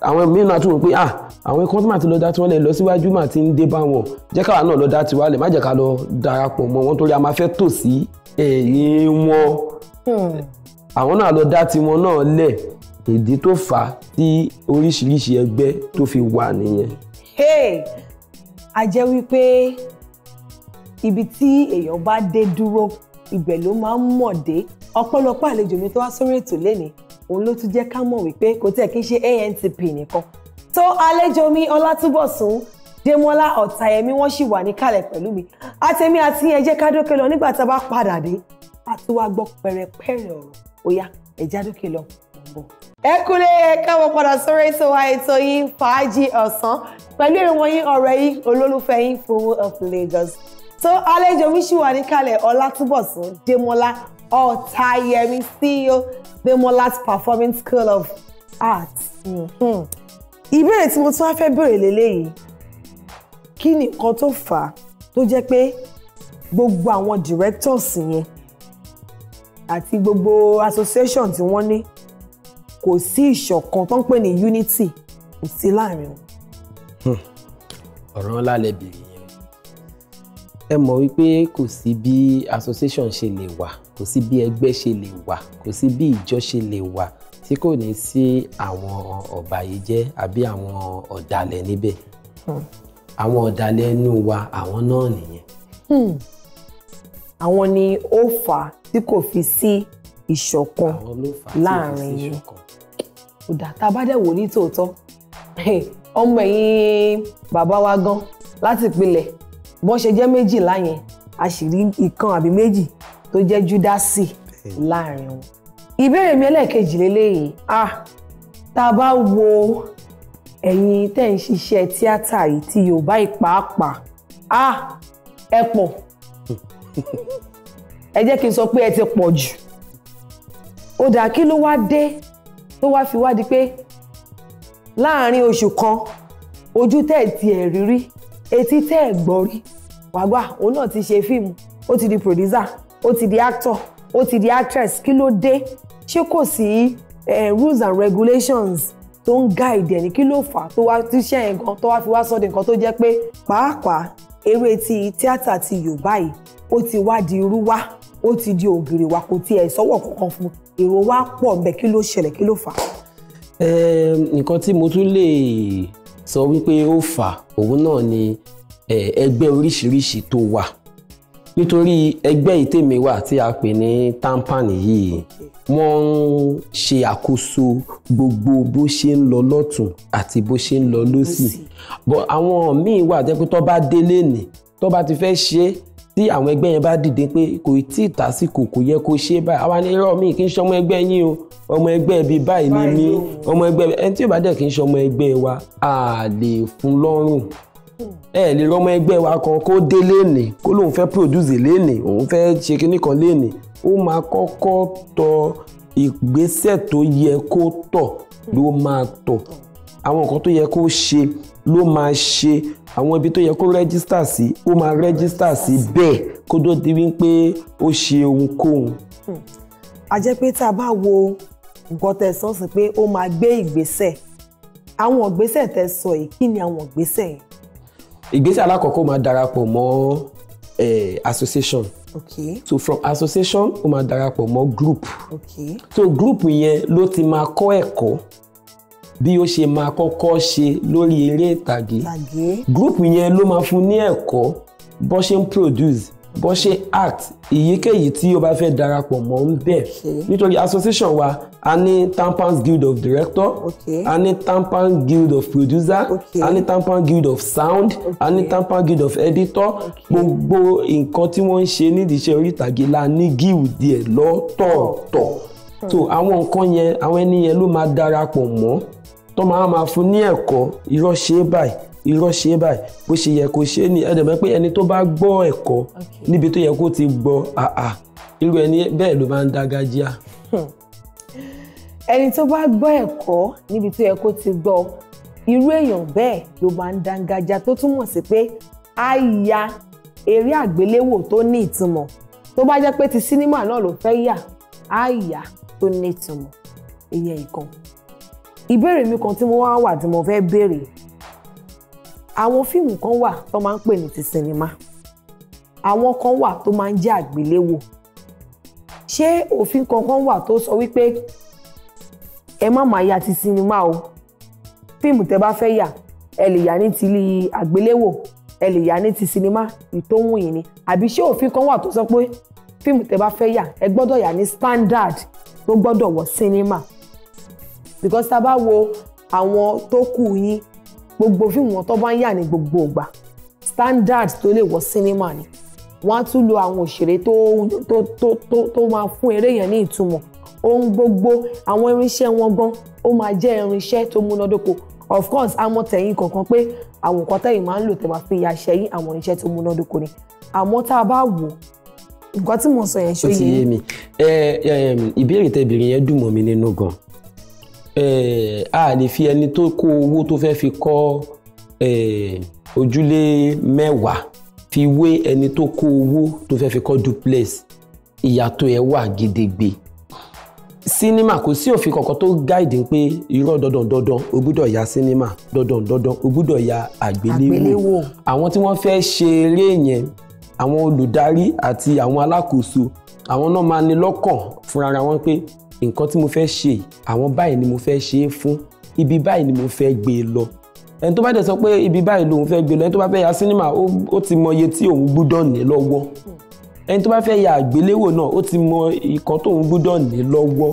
àwọn mìíràn á tún wò pé ah àwọn ikán tó máa ti lọ dá tiwọn lẹ̀ lọ síwájú máa ti ń dé bá wọn jẹ́ káwa náà lọ dá tiwa lẹ̀ má jẹ́ ká lọ darapọ̀ mọ́ wọn torí a máa fẹ́ tò sí ẹ̀yìn wọn hmm. àwọn náà lọ dá tiwọn náà lẹ̀ ìdí tó fà á tí oríṣiríṣi ẹgbẹ́ tó fi wà nìyẹn.
a jẹ́ wípé ibi tí èèyàn bá dé dúró ibẹ̀ ló máa ń mọ̀ dé ọ̀pọ̀lọpọ̀ àlejò mi tó wá sórí ètò lénìí òun ló tún jẹ́ ká mọ̀ wípé kò tí kí ń ṣe ANTP nìkan tó àlejò mi Ọlátúbọ̀sún Démọ́lá Ọ̀tàyẹmí wọ́n sì wà níkàlẹ̀ pẹ̀lú mi àtẹ̀mí àti ẹ jẹ́ ká dókè lọ nígbà tá a bá padà dé a tún wá gbọ́ pẹ̀rẹ̀pẹ̀rẹ̀ ọ̀rọ̀ bóyá ẹ já dókè lọ bọ̀. ẹ kúlẹ̀ ẹ káwọn padà sórí ètò wa ètò yìí fàájì ọ̀sán pẹ̀lú èrò wọn yín ọ̀rẹ́ yín olólùfẹ́ yín Fowó of Lagos so àlejò mi sì wà níkàlẹ̀ Ọlátúbọ̀sún Démọ́lá Ọ̀tàyẹmí CEO Démọ́lá's Performing School of Arts. Mm-hmm ìbéèrè tí mo tún wá fẹ́ béèrè lélẹ́yìí kí ni nǹkan tó fà á tó jẹ́ pé gbogbo àwọn directors yẹn àti gbogbo association tí wọ́n ní kò sí ìṣọ̀kan tó ń pè ní unity kò sí láàrin wọn.
Hmm. ọ̀ràn ńlá lẹ bèrè yẹn ẹ mọ̀ wípé kò sí bí association ṣe lè wà kò sí bí ẹgbẹ́ ṣe lè wà kò sí bí ìjọ ṣe lè wà tí kò ní sí àwọn ọ̀bàyéjẹ́ àbí àwọn ọ̀dàlẹ̀ níbẹ̀ hmm. àwọn ọ̀dàlẹ̀ ẹnu wa àwọn náà nìyẹn.
Hmm. àwọn ni ó fà á tí kò fi sí ìṣọ̀kan láàrin yìí kò dà tá a bá dẹ̀ wò ní tòótọ́ ọmọ ẹ̀yìn bàbá wa gan láti pilẹ̀ bọ́n ṣe jẹ́ méjìlá yẹn a sì rí ìkan àbí méjì tó jẹ́ júdásì láàrin wọn ìbéèrè mi ẹlẹ́ẹ̀kejì lélẹ́yìí ah tá a bá wo ẹ̀yin tẹ́ ń ṣiṣẹ́ tíátà yìí ti Yorùbá ìpàápàá ah ẹ pọ̀ ẹ jẹ́ kí n sọ pé ẹ ti pọ̀ jù ó dà kí ló wá dé tó wá fi wá di pé láàárín oṣù kan ojú tẹ́ ẹ̀ tiẹ̀ rí rí etí tẹ́ ẹ̀ gbọ́ rí wàgbà òun náà ti ṣe fíìmù ó ti di producer ó ti di actor ó ti di actress kí ló dé ṣé kò sí eh, rules and regulations tó ń guide ẹni kí ló fà á tó wá tíṣẹ́ yẹn gan tó wá fi wá sọ́ọ́ di nǹkan tó jẹ́ pé pàápàá eré ti tíátà ti Yorùbá yìí ó ti wá di irú wá ó ti di ògiri wa kò tiẹ̀ sọ́wọ́ kankan fún èrò wa pọ̀ ńbẹ kí ló ṣẹlẹ̀ kí ló fà á.
Ehm, nǹkan tí mo tún lè sọ wípé ó fà òun náà ni eh, ẹgbẹ́ oríṣiríṣi tó wà nítorí ẹgbẹ́ ìtèmi wà tí a pè ní tampan yìí wọ́n ń ṣe àkóso gbogbo bó ṣe ń lọ lọ́tún àti bó ṣe ń lọ lọ́sì but àwọn míì wà jẹ́ pé tó bá délé nì tó bá ti fẹ́ ṣe é tí àwọn ẹgbẹ́ yẹn bá dìde pé kò tí ì tásìkò kò yẹ kó ṣe báyìí àwa ní irọ́ mi kì í ṣe ọmọ ẹgbẹ́ yín o ọmọ ẹgbẹ́ bíi báyìí ni mí ọmọ ẹgbẹ́ ẹni tí ò bá dẹ̀ kì í ṣe ọmọ ẹgbẹ́ wa a lè fún lọ́rùn ẹ lè rọmọ ẹgbẹ́ wa kan kó dé léènì kó lóun fẹ́ produce léènì òun fẹ́ ṣe kinní kan léènì ó máa kọ́kọ́ tọ ìgbésẹ̀ tó yẹ kó tọ̀ ló máa tọ̀ àwọn nǹkan tó yẹ kó ṣe ló máa ṣe àwọn ibi tó yẹ kó rẹ́gísítà sí ó máa rẹ́gísítà sí bẹ́ẹ̀ kó tó di wípé ó ṣe ohunkóhun.
a jẹ́ pé tá a bá wo nǹkan tẹ́ sọ sí pé ó máa gbé ìgbésẹ̀ àwọn ìgbésẹ̀ tẹ́ sọ yìí kí ni àwọn ìgbésẹ̀ yẹn
ìgbésẹ̀ alákọ̀ọ́kọ́ máa darapọ̀ mọ́ eh, association okay. so from association ó ma darapọ̀ mọ́ group okay. so group yẹn ló ti máa kọ́ ẹ̀kọ́ bí ó ṣe máa kọ́kọ́ ṣe lórí eré ìtàgé group yẹn ló máa fún ní ẹ̀kọ́ bó ṣe ń produce bọ́n ṣe act èyíkéyìí tí o bá fẹ́ darapọ̀ mọ́ ń bẹ̀ nítorí association wa a ní tampans guild of director okay. a ní tampan guild of producer okay. a ní tampan guild of sound okay. a ní tampan guild of editor gbogbo nǹkan tí wọ́n ń ṣe nídìí iṣẹ́ orí la ní guild ẹ̀ lọ́tọ̀ọ̀tọ̀ so àwọn nǹkan yẹn àwọn ẹni yẹn ló máa darapọ̀ mọ́ tó máa máa fún ní ẹ̀kọ́ irọ́ ṣe é báyìí irọ́ ṣe báyìí bó ṣe yẹ kó ṣe ni ẹ̀dẹ̀ mọ̀ pé ẹni tó bá gbọ́ ẹ̀kọ́ níbi tó yẹ kó ti gbọ́ àà irú ẹni bẹ́ẹ̀ ló máa ń dágájíá.
Hmm. ẹni tó bá gbọ́ ẹ̀kọ́ níbi tó yẹ kó ti gbọ́ irú èèyàn bẹ́ẹ̀ ló máa ń dágájá tó túmọ̀ sí pé á ya eré àgbéléwò tó ní ìtumọ̀ tó bá jẹ́ pé ti sínímà náà ló fẹ́ yà á yà tó ní ìtumọ̀ ìyẹn ìkan ìbéèrè mi kan tí mo wá wà tí mo fẹ́ béèrè àwọn fíìmù kan wà tó máa ń pè ní ti sinimá àwọn kan wà tó máa ń jẹ́ àgbéléwò ṣé òfin kankan wà tó sọ wípé ẹ má máa ya ti sinimá o fíìmù tẹ́ bá fẹ́ yà ẹ lè yà ní ti àgbéléwò ẹ lè yà ní ti sinimá ìtòhùn yìí ni àbí ṣé òfin kan wà tó sọ pé fíìmù tẹ́ bá fẹ́ yà ẹ gbọ́dọ̀ yà ní standard tó gbọ́dọ̀ wọ sinimá because tá a bá wo àwọn tó kù yín gbogbo fíìmù wọn tó bá ń yà ní gbogbo ìgbà standard tó lè wọ sinimá ni wọ́n á tún lo àwọn òṣèré tó tó tó tó tó máa fún eré yẹn ní ìtumọ̀ ohun gbogbo àwọn irinṣẹ́ wọn gan ó máa jẹ́ irinṣẹ́ tó múnádóko of course a mọ̀ tẹ̀yìn kankan pé àwọn nǹkan tẹ̀yìn máa ń lò tẹ̀wá fi ya ṣẹ́yìn àwọn irinṣẹ́ tó múnádóko ni àmọ́ tá a bá wò nǹkan tí mo sọ yẹn ṣe yé
mi. ìbéèrè tẹ̀bìrì yẹn dùn mọ́ mi nínú gan-an Eh, a lè fi ẹni tó kó owó tó fẹ́ fi kọ́ eh, ojúlé mẹ́wàá fi wé ẹni tó kó owó tó fẹ́ fi kọ́ duplex ìyàtọ̀ ẹ̀ wà gedegbe sinima kò sí òfin kankan tó gáìdì pé irọ́ dandan dandan o gbúdọ̀ ya sinima dandan dandan o gbúdọ̀ ya àgbéléwò àwọn tí wọ́n fẹ́ ṣe eré yẹn àwọn olùdarí àti àwọn alákòóso àwọn náà máa ní lọ́kàn fúnra wọn pé nǹkan tí mo fẹ́ ṣe àwọn báyìí ni mo fẹ́ ṣe é fún ibi báyìí ni mo fẹ́ gbé e lọ ẹni tó bá dẹ̀ sọ pé ibi báyìí lòun fẹ́ gbé e lọ ẹni tó bá fẹ́ ya sinima ó ti mọ iye tí òun gbúdọ̀ ní lọ́wọ́ ẹni tó bá fẹ́ ya àgbéléwò náà ó ti mọ ìkan tóun gbúdọ̀ ní lọ́wọ́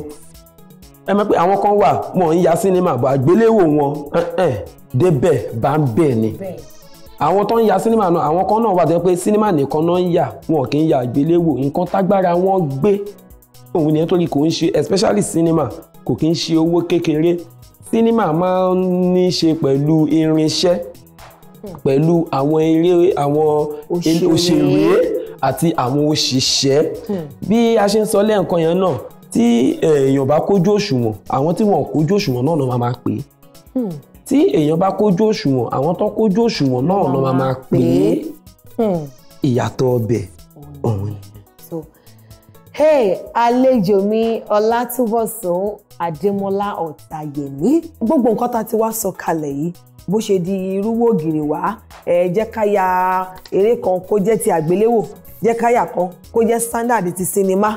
ẹ mọ̀ pé àwọn kan wà wọn ń ya sinima bọ̀ àgbéléwò wọn débẹ̀ bá ń bẹ̀ ni àwọn tó ń ya sinima náà àwọn kan náà wà tó yẹ pé sinima nìkan náà ń yà wọn kì í ya àgbéléwò nǹkan tágbára wọn gbé òun ni nítorí kò ń ṣe especially cinema kò kí ń ṣe owó kékeré cinema máa ń ní ṣe pẹ̀lú irinṣẹ́ pẹ̀lú àwọn eré àwọn òṣèré àti àwọn òṣìṣẹ́ hmm. bí a ṣe ń sọ lẹ́ẹ̀kan yẹn náà tí eh, èèyàn bá kójú òṣùwọ̀n àwọn tí wọ́n kójú òṣùwọ̀n náà náà máa pè é hmm. tí èèyàn bá kójú òṣùwọ̀n àwọn tó kójú òṣùwọ̀n náà náà máa pè é hmm. ìyàtọ̀ ọbẹ̀ ọ̀hún ni
hey àlejò mi ọlátúbọ̀sún adémọlá ọ̀tàyẹmí gbogbo nǹkan tá a ti wá sọ kalẹ̀ yìí bó ṣe di irúwó ògìrì wá ẹ jẹ́ ká ya eré kan kó jẹ́ ti àgbéléwò jẹ́ ká ya kan kó jẹ́ standard ti sinimá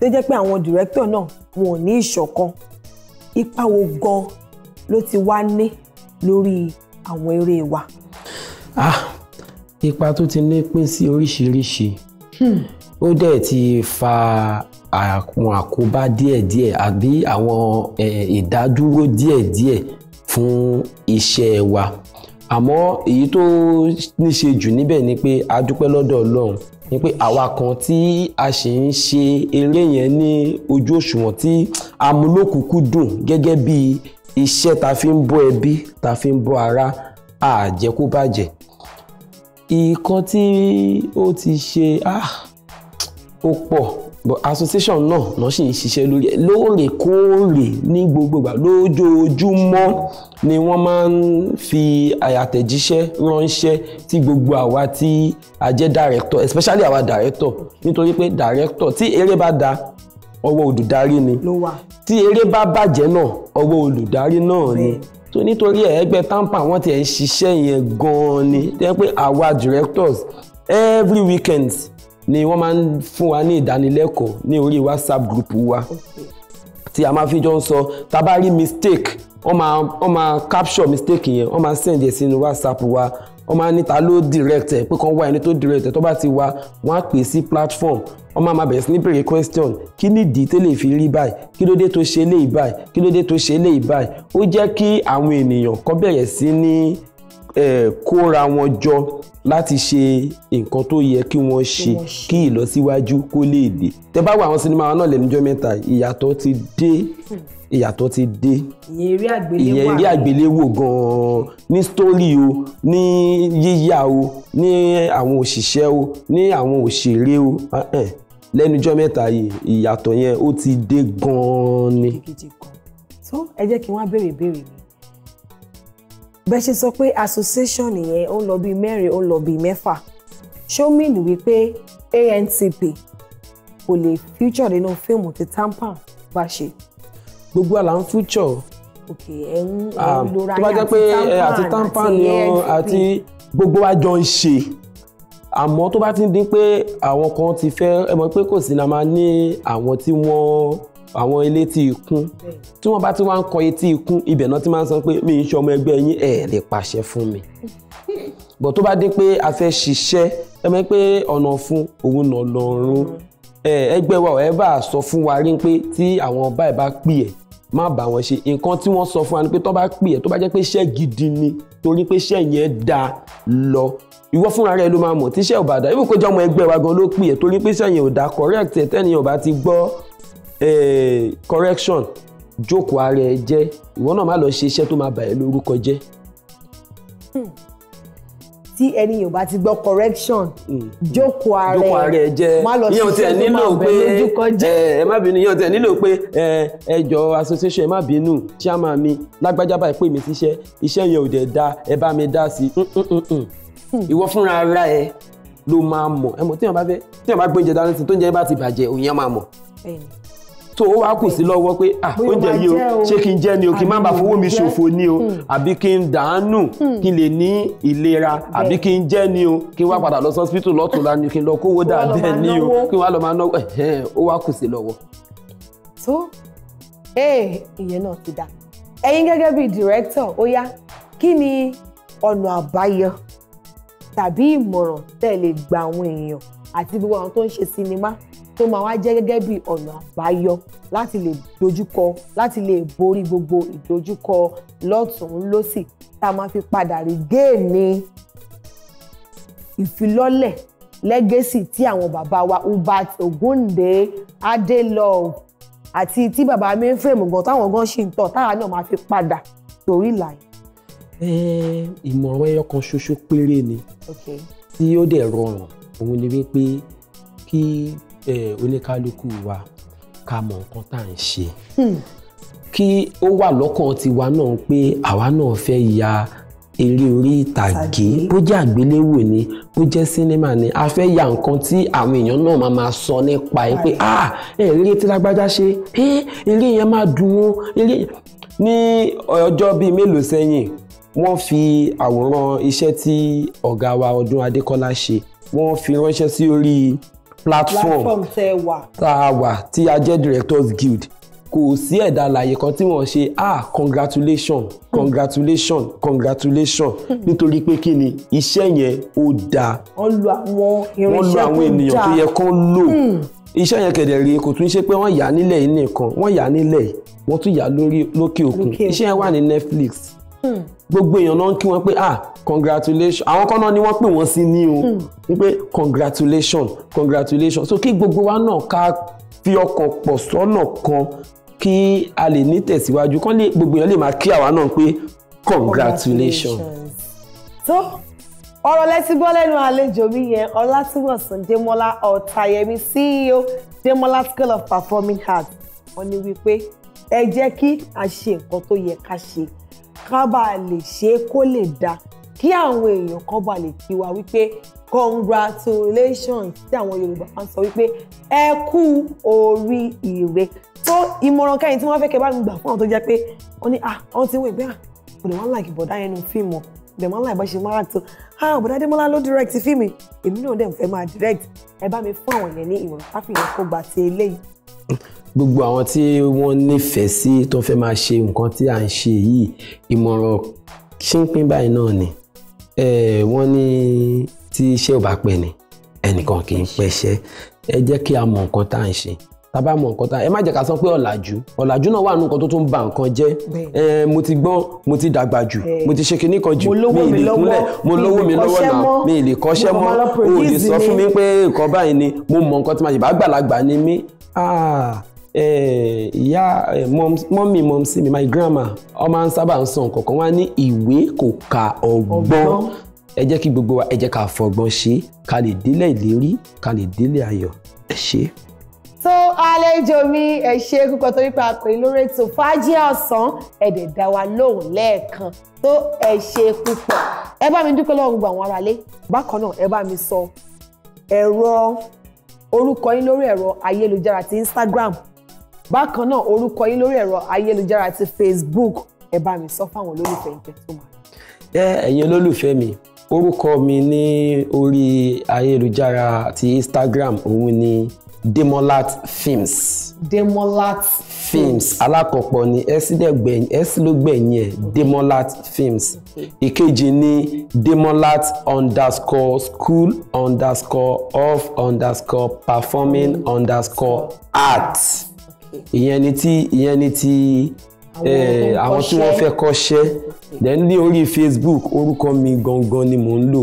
tó jẹ́ pé àwọn director náà wọn ò ní ìṣọ̀kan ipa wo gan ló ti wá ní lórí àwọn eré wa.
ah ipa tó ti ní pín sí oríṣiríṣi. Hmm ó dẹ̀ ti fa àwọn àkóbá díẹ̀díẹ̀ àbí àwọn ìdádúró díẹ̀díẹ̀ fún iṣẹ́ wa àmọ́ èyí tó níṣe jù níbẹ̀ ni pé a dúpẹ́ lọ́dọ̀ Ọlọ́run ni pé àwa kan tí a sì ń ṣe eré yẹn ní ojú òṣùwọ̀n tí amúlòkùkù dùn gẹ́gẹ́ bí iṣẹ́ ta fi ń bọ́ ẹbí ta fi ń bọ́ ara àjẹkúbàjẹ́ ìkan tí ó ti ṣe ah ó pọ̀ but association náà náà sì ń ṣiṣẹ́ lórí ẹ̀ lóòrèkóòrè ní gbogbo ìgbà lójoojúmọ́ ni wọ́n máa ń fi àyàtẹ̀jíṣẹ́ ránṣẹ́ tí gbogbo àwa tí a jẹ́ director especially àwa director nítorí pé director tí eré bá da ọwọ́ olùdarí ni tí eré bá bàjẹ́ náà ọwọ́ olùdarí náà ni tó nítorí ẹ̀ ẹgbẹ́ tampa wọ́n ti ẹ̀ ń ṣiṣẹ́ yẹn gan-an ni tẹ́ pé àwa directors every weekend ni wọ́n máa ń fún wa ní ìdánilẹ́kọ̀ọ́ ní orí whatsapp group wa tí a máa fi jọ ń sọ tá a bá rí mistake wọ́n máa wọ́n máa capture mistake yẹn wọ́n máa send ẹ̀ sínú whatsapp wa wọ́n máa níta ló direct ẹ̀ pé kàn wá ẹni tó direct ẹ̀ tó bá ti wá wọ́n á pè sí platform wọ́n máa máa bẹ̀rẹ̀ sí ní bèrè question kí nìdí tó lè fi rí báyìí kí ló dé tó ṣe eléyìí báyìí kí ló dé tó ṣe eléyìí báyìí ó jẹ́ kí àwọn ènìyàn kọ́ bẹ̀rẹ̀ sí ní kóra wọn jọ láti ṣe nǹkan tó yẹ kí wọ́n ṣe kí ìlọsíwájú kó lè dé tẹ́ bá wo àwọn sinimá wa náà lẹ́nujọ́ mẹ́ta ìyàtọ̀ ti dé hmm. ìyàtọ̀ ti dé
ìyẹn eré
àgbéléwò gan-an ní sítórì o ní yíyà o ní àwọn òṣìṣẹ́ o ní àwọn òṣèré o lẹ́nujọ́ mẹ́ta ìyàtọ̀ yẹn ó ti dé gan-an ni.
ẹ jẹ́ kí wọ́n á béèrè ìbéèrè bẹ́ẹ̀ ṣe sọ pé association yẹn ó ń lọ bíi mẹ́rin ó ń lọ bíi mẹ́fà ṣó mìnì wípé ANTP kò lè future nínú fíìmù tí Tampan bá ṣe. gbogbo àlà ń future. ok ẹ ń ah, lora yín àti Tampan eh, àti Tampan ni àti
gbogbo wa jọ ń ṣe àmọ́ tó bá ti ń dín pé àwọn kan ti fẹ́ ẹ mọ̀ pé kò sí ni a máa ní àwọn tí wọ́n àwọn ilé tí ikún tí wọ́n bá ti wá ń kọ etí ikún ibẹ̀ náà ti máa ń sọ pé mi ń ṣe ọmọ ẹgbẹ́ yín ẹ̀ lè pàṣẹ fún mi bọ̀ tó bá dé pé a fẹ́ ṣiṣẹ́ ẹ mọ̀ pé ọ̀nà fún òun nà lọ́rùn ẹgbẹ́ wa ẹ bá sọ fún wa rí pé tí àwọn báyìí bá pì ẹ̀ má bá wọn ṣe nǹkan tí wọ́n sọ fún wa ni pé tó bá pì ẹ̀ tó bá jẹ́ pé iṣẹ́ gidi ni torí pé iṣẹ́ yẹn da lọ ìwọ fúnra rẹ ló máa mọ̀ tíṣẹ́ ò bá dá ibùkún jọmọ ẹgbẹ́ wa gan ló pì ẹ̀ torí pé iṣẹ́ yẹn ò da correct ẹ̀ tẹ́niyàn ò bá ti gbọ́ Eh, correction jókòó ara ẹ jẹ́ ìwọ náà má lọ ṣe iṣẹ́ tó máa bà lórúkọ jẹ́.
Hmm. tí ẹni yóò bá ti gbọ́ correction hmm. jókòó ara ẹ jẹ́ má lọ ṣe iṣẹ́ tó máa bà ẹ́ lórúkọ
eh, ẹ má bínú yóò tẹ nílò pé eh, ẹ association ẹ má bínú chairman mi lágbájá báyìí pè mí síṣẹ́ iṣẹ́ yẹn ò dẹ̀ da ẹ bá mi dá sí i hmm, ìwọ fúnra ara ẹ ló máa mọ̀ ẹ mọ̀ tí wọn bá fẹ́ tí wọn bá gbé oúnjẹ dání tó ń jẹ bá ti bàjẹ́ òun yẹn máa mọ̀ tó o wá kù sí lọ́wọ́ pé ah oúnjẹ yìí o ṣé kí n jẹ ni o kí n má bàa fowó mi ṣòfò ni o hmm. àbí kí n dàánù hmm. kí n lè ní ìlera àbí kí n jẹ ni o kí n wá padà lọ sí hospital lọ́tùnla ni kí n lọ kówó dà bẹ́ẹ̀ ni o kí n wá lọ máa náwó ẹ̀hẹ́n ó wá kù sí lọ́wọ́.
tó ee eh, ìyẹn náà ti dá ẹ̀yin gẹ́gẹ́ bíi director ó kí ni ọ̀nà àbáyọ tàbí ìmọ̀ràn tẹ́ gba àwọn èèyàn àti gbogbo àwọn tó ń ṣe sinimá tó máa wá jẹ́ gẹ́gẹ́ bí ọ̀nà àbáyọ láti lè dojúkọ láti lè borí gbogbo ìdojúkọ lọ́tún lọ́sì tá a máa fi padà rí géènì ìfilọ́lẹ̀ lẹ́gẹ́sì tí àwọn bàbá wa Hubert Ogunde Adelove àti tí bàbá mainframe gan táwọn gan ṣì ń tọ̀ táwa náà máa fi padà torí ìlànà.
ìmọ̀ràn ẹyọ kan ṣoṣo péré ni tí ó dẹ̀ rọrùn òun ni wípé kí oníkálukú wa ká mọ nǹkan tá à ń ṣe hmm. kí ó wà lọ́kàn tiwa náà pé àwa náà fẹ́ ya eré orí ìtàgé bó jẹ́ àgbéléwò ni bó jẹ́ sinimá ni a fẹ́ ya nǹkan tí àwọn èèyàn náà máa ma sọ nípa ah, ẹ pé ah eré tí lágbájá ṣe eré yẹn máa dùn ó eré ní ọjọ́ bíi mélòó sẹ́yìn wọ́n fi àwòrán iṣẹ́ tí ọ̀gá wa ọdún adékọ́lá ṣe wọ́n fi ránṣẹ́ sí orí platform tá a wà tí a jẹ́ directors guild kò sí ẹ̀dá àlàyé kan tí wọ́n ṣe ah congratulation congratulation congratulation nítorí pé kí ni iṣẹ́ yẹn ó dáa
wọ́n lo àwọn ènìyàn tó yẹ kán
lò hmm. iṣẹ́ yẹn kẹ̀dẹ̀ rèé kò tún ṣe pé wọ́n yà á nílẹ̀ yìí nìkan wọ́n yà á nílẹ̀ yìí wọ́n tún yà á lókè òkun iṣẹ́ yẹn wà ní Netflix gbogbo èèyàn náà ń kí wọn pé ah congratulation àwọn kan náà ni wọ́n pè wọ́n sí ní o wípé hmm. congratulation congratulation so kí gbogbo wa náà ká fi ọkàn pọ̀ sọ́nà kan kí a lè ní tẹ̀síwájú kán lè gbogbo èèyàn lè máa kí àwa náà pé congratulation.
tó ọ̀rọ̀ lẹ́tí gbọ́ lẹ́nu àlejò mi yẹn ọlátúwọ̀sán démọ́lá ọ̀tàyẹmí ceo démọ́lá school of performing arts wọ́n ní wípé ẹ jẹ́ kí a ṣe nǹkan tó yẹ ká ṣe ká bá lè ṣe é kó lè dáa kí àwọn èèyàn kan bá lè kí wa wípé congratulations tí àwọn Yorùbá máa ń sọ wípé ẹ kú orí ire tó ìmọ̀ràn kẹ́yìn tí wọ́n fẹ́ kẹ́ bá mi gbà fún àwọn tó jẹ́ pé wọ́n ní ah wọ́n ti wọ ìgbẹ́ à kò lè wọ́n láì kí bọ̀dá yẹn nu fíìmù dẹ̀ máa ń láì bá ṣe máa tó ah bọ̀dá Adémọ́lá ló direct fíìmù èmi náà dẹ̀ fẹ́ máa direct ẹ bá mi fún àwọn yẹn ní ìmọ̀ràn káfíńyẹn kó gbà ti eléyìí
gbogbo àwọn tí wọ́n nífẹ̀ẹ́ sí tó fẹ́ máa ṣe nǹkan tí à ń ṣe yìí ìmọ̀ràn ṣínpín báyìí náà ni wọ́n ní tí iṣẹ́ ò bá pẹ́ ni ẹnìkan kì í pẹ́ṣẹ́ ẹ jẹ́ kí a mọ nǹkan tá à ń ṣe tá a bá mọ nǹkan tá ẹ má jẹ́ ká sọ pé ọ̀làjú ọ̀làjú náà wà nù nǹkan tó tún ba nǹkan jẹ́ mo ti gbọ́n mo ti dàgbà jù mo ti ṣe kinní kan jù mi ì lè kúnlẹ̀ mo lówó mi lọ́wọ́ náà mi ì lè kọ́ṣẹ́ mọ́ o lè sọ fún mi pé nǹkan báyìí ni mo mọ nǹkan tí màá ṣe bá gbàlagbà ni mí ah. Eh, ìyá mọ́mì eh, mọ́mísí mi my grandma ọmọ ń sábà ń sọ nǹkan kan wá ní ìwé kò ka ọgbọ́n ẹ jẹ́ kí gbogbo wa ẹ jẹ́ ká fọgbọ́n ṣe ká lè délẹ̀ ìlérí ká lè délẹ̀ ayọ̀ ẹ ṣé.
tó àlejò mi ẹ ṣe kúkọ torí pé a pè é lórí ètò fàájì ọ̀sán ẹ̀dẹ̀ dá wa lóhùn lẹ́ẹ̀kan tó ẹ ṣe púpọ̀ ẹ bá mi dúpẹ́ lọ́wọ́ gbogbo àwọn aráalé bákan náà ẹ bá mi sọ ẹ̀rọ orúkọ yín lórí ẹ̀rọ ayélujára ti Instagram bákan náà orúkọ yín lórí ẹ̀rọ ayélujára ti Facebook ẹ bá mi sọ fáwọn olólùfẹ́ yín tó máa.
ẹ ẹ̀yin olólùfẹ́ mi orúkọ mi ní orí ayélujára ti Instagram òun ni Demolat Films.
Demolat
Films alákọ̀ọ́pọ̀ ni s ló gbẹ̀yìn ẹ̀ Demolat Films ìkejì ni Demolat underscore school underscore of underscore performing underscore art ìyẹn ni ti ìyẹn ni ti eh, àwọn tí wọ́n fẹ́ kọ́ṣẹ́ then ní orí Facebook orúkọ mi gangan ni mò ń lò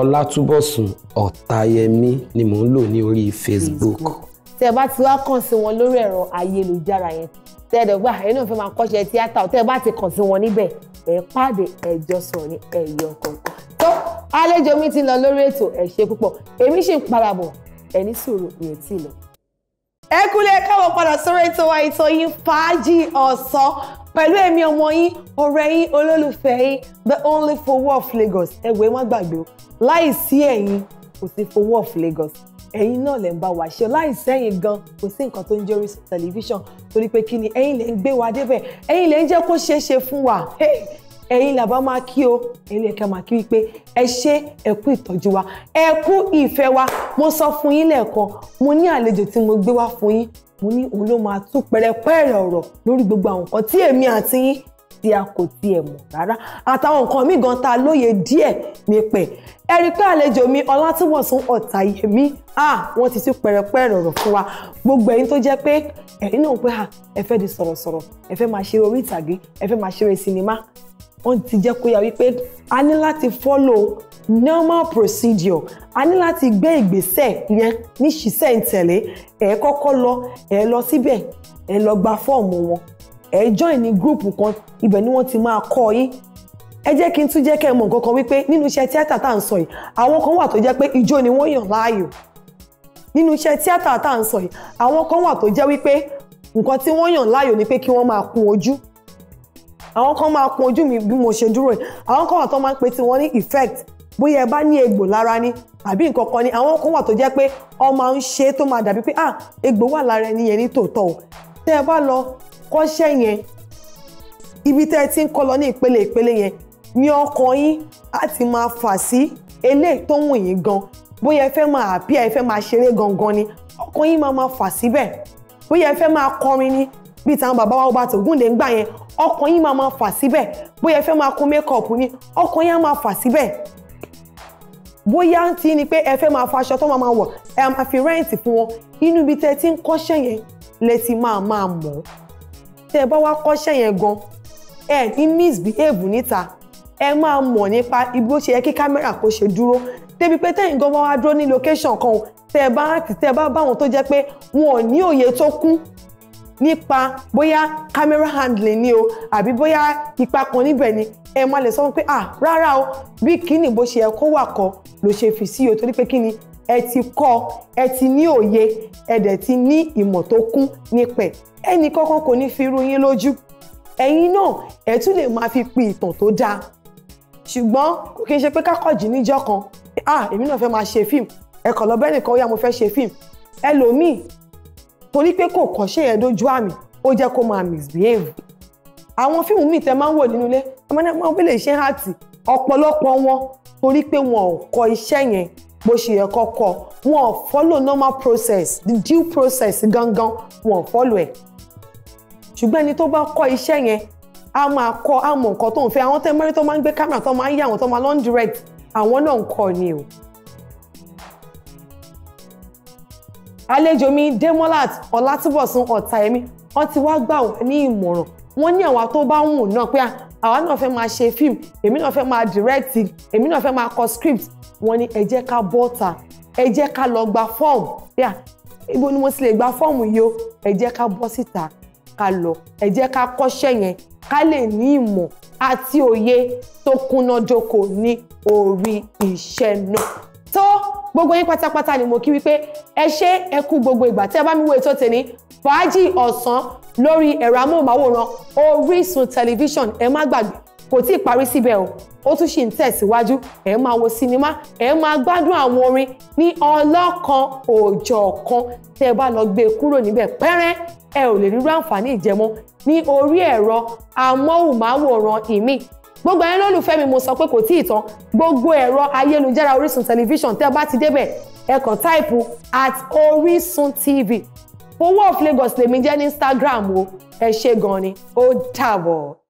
Ọlátúbọ̀sùn Ọ̀tayẹmí ni mò ń lò ní orí Facebook.
tẹ́ ẹ bá ti wá kàn sí wọn lórí ẹ̀rọ ayélujára yẹn tẹ́ ẹ dẹ̀gbà ẹ̀yin náà fẹ́ máa kọ́ṣẹ́ tíátà tẹ́ ẹ bá ti kàn sí wọn níbẹ̀ ẹ pàdé ẹjọ sọ̀rọ̀ ní ẹyọ kọ̀ọ̀kan tó àlejò mi ti lọ lórí ètò ẹ ṣé púpọ̀ èmi ṣì ń padà bọ̀ ẹni sùúrù mi lọ ẹ kúlé káwọn padà sórí ètò wa ètò yín fàájì ọ̀sán pẹ̀lú èmi ọmọ yín ọ̀rẹ́ yín olólùfẹ́ yín the only fowó of Lagos ẹ̀wẹ̀ má gbàgbé o láì sí ẹ̀yin kò sí fowó of Lagos ẹ̀yin náà lè ń bá wa ṣe láì sẹ́yìn gan kò sí nǹkan tó ń jẹ́ Orísun tẹlifíṣàn torí pé kí ni ẹ̀yin lè ń gbé wa débẹ̀ ẹ̀yin lè ń jẹ́ kó ṣeé ṣe fún wa ẹ̀yin làbá máa kí o ẹ̀yin lẹ̀kẹ́ máa kí wípé ẹ ṣé ẹ kú ìtọ́jú wa ẹ kú ìfẹ́ wa mo sọ fún yín lẹ́ẹ̀kan mo ní àlejò tí mo gbé wá fún yín mo ní òun ló máa tú pẹrẹpẹrẹ ọ̀rọ̀ lórí gbogbo àwọn nǹkan tí èmi àti yín tí a kò tiẹ̀ mọ̀ rárá àtàwọn nǹkan míì gan ta lóye díẹ̀ nípẹ̀ ẹ rí i pé àlejò mi Ọlátúnbọ̀sún Ọ̀tàyẹmí wọ́n ti tú pẹrẹpẹrẹ ọ̀rọ̀ fún wa gbogbo ẹ̀yin tó jẹ́ pé ẹ̀yin náà pé ẹ fẹ́ di sọ̀rọ̀sọ̀rọ̀ ẹ fẹ́ máa ṣeré orí ìtàgé ẹ fẹ́ máa ṣeré sinimá wọ́n ti jẹ́ kó yà wípé a ní láti follow normal procedure a ní láti gbé ìgbésẹ̀ yẹn níṣìṣẹ́ ìtẹ̀lé ẹ̀ kọ́kọ́ lọ ẹ̀ lọ síbẹ̀ ẹ̀ lọ gba fọ́ọ̀mù wọn ẹ̀ join ní gúrùpù kan ibẹ̀ ni wọ́n ti máa kọ́ yín ẹ jẹ́ kí n tún jẹ́ kẹ́ ẹ mọ̀ nǹkan kan wípé nínú iṣẹ́ tíátà tá à ń sọ yìí àwọn kan wà tó jẹ́ pé ijó ni wọ́n yàn láàyò nínú iṣẹ́ tíátà tá à ń sọ yìí àwọn kan wà tó jẹ́ wípé nǹkan tí wọ́n yàn láàyò ni pé kí wọ́n máa kun ojú àwọn kan máa kun ojú mi bí mo ṣe dúró yìí àwọn kan wà tó máa ń pe tiwọn ní effect bóyá ẹ bá ní egbò lára ni àbí nǹkan kan ni àwọn kan wà tó jẹ́ pé ọ máa ń ṣe tó máa dàbí pé ah egbò wà lára ẹni yẹn ní tòótọ́ o tẹ́ ẹ bá lọ kọ́ṣẹ́ yẹn ibi tẹ́ ẹ ti ń kọ́ lọ ní ìpele ìpele yẹn ní ọkàn yín á ti máa fà sí eléyìí tó wù yín gan bóyá ẹ fẹ́ máa àbí ẹ fẹ́ máa ṣeré gangan ni ọkàn yín máa máa fà síbẹ̀ bóyá ẹ fẹ́ máa kọrin ni bíi táwọn bàbá wa Robert Ogunde ń gbà yẹn ọkàn yín máa máa fà síbẹ̀ bóyá ẹ fẹ́ máa kó mékọ̀ọ̀pù ni ọkàn yín á máa fà síbẹ̀ bóyá tí ni pé ẹ fẹ́ máa fa aṣọ tó máa máa wọ̀ ẹ máa fi rẹ́ǹtì fún wọn inú ibi tẹ́ ẹ ti ń kọ́ṣẹ́ yẹn lẹ ti máa máa mọ̀ ọ́ tẹ́ ẹ bá wá kọ́ṣẹ́ yẹn gan ẹ ní misbehave níta ẹ máa mọ̀ nípa ibi ó ṣe yẹ kí kámẹ́rà kó ṣe dúró débi pé tẹ́yìn gan bá wá dúró ní location kan tẹ́ ẹ bá tẹ́ ẹ bá bá wọn tó jẹ́ pé wọn ò ní òye tó kún nípa bóyá camera handling ni o àbí bóyá ipa kan níbẹ̀ ni ẹ má lè sọ wọn pé ah rárá o bí kíni bó ṣe ẹ kó wà kọ ló ṣe fi sí o torí pé kíni ẹ ti kọ́ ẹ ti ní òye ẹ dẹ̀ ti ní ìmọ̀ tó kún nípẹ̀ ẹnì kankan kò ní fi irú yín lójú ẹ̀yin náà ẹ tún lè máa fi pin ìtàn tó dáa ṣùgbọ́n kò kí n ṣe pé kákọ̀jì níjọ́ kan ah èmi náà fẹ́ máa ṣe fíìmù ẹ̀kọ́ lọ bẹ́ẹ̀ nìkan ó yá mo fẹ́ ṣe fíìmù ẹlòmíì torí pé kò kọ́ṣẹ́ yẹn dójú àmì ó jẹ́ kó máa misbehave àwọn fíìmù míì tẹ máa ń wò nínú ilé ọmọdé wọn lè ṣe àti ọ̀pọ̀lọpọ̀ wọn torí pé wọn ò kọ́ iṣẹ́ yẹn bó ṣe yẹ kó wọn ò follow normal process the due process gangan wọn ò follow ẹ̀ ṣùgbọ́n ẹni tó bá kọ́ iṣẹ́ yẹn a máa kọ́ a mọ̀ nǹkan tó ń fẹ́ àwọn tẹ́ mẹ́rin tó máa ń gbé kámẹ́rà tó máa ń yà àwọn tó máa lọ́n àwọn náà ń kọ́ ni o. àlejò mi Demolat Ọlátúbọ̀sún Ọ̀tàyẹmí wọ́n ti wá gbà wá ní ìmọ̀ràn wọ́n ní àwa tó bá ń wù náà pé àwa náà fẹ́ máa ṣe fíìmù èmi náà fẹ́ máa direct èmi náà fẹ́ máa kọ script wọ́n ní ẹ jẹ́ ká bọ́ta ẹ jẹ́ ká lọ gba fọ́ọ̀mù yà ibo ni mo ti lè gba fọ́ọ̀mù yìí o ẹ jẹ́ ká bọ́ síta ká lọ ẹ jẹ́ ká kọ́ṣẹ́ yẹn ká lè ní ìmọ̀ àti òye tó kúnná jókòó ní orí iṣẹ́ náà tó gbogbo yín pátápátá ni mo kí wípé ẹ ṣé ẹ kú gbogbo ìgbà tí ẹ bá mi wo ètò tèmi fàájì ọ̀sán lórí ẹ̀rọ amóhùnmáwòrán Orísun tẹlifíṣàn ẹ má gbàgbé kò tí ì parí síbẹ̀ o ó tún ṣì ń tẹ̀síwájú ẹ̀ máa wo sinimá ẹ̀ máa gbádùn àwọn orin ní ọlọ́kan òjọ̀kan tẹ́ ẹ bá lọ gbé e kúrò níbẹ̀ pẹ́rẹ́ ẹ ò lè rírú àǹfààní ìjẹmọ́ ní orí ẹ̀rọ amóhùnmáwòrán ìmíì gbogbo ẹ̀yin lólùfẹ́ mi mo sọ pé kò tí ì tán gbogbo ẹ̀rọ ayélujára Orísun tẹlifíṣàn tẹ́ bá ti débẹ̀ ẹ kàn táìpù at Orísun TV owó of Lagos lèmi jẹ́ ní Instagram o ẹ ṣe gan ni ó dàbọ̀.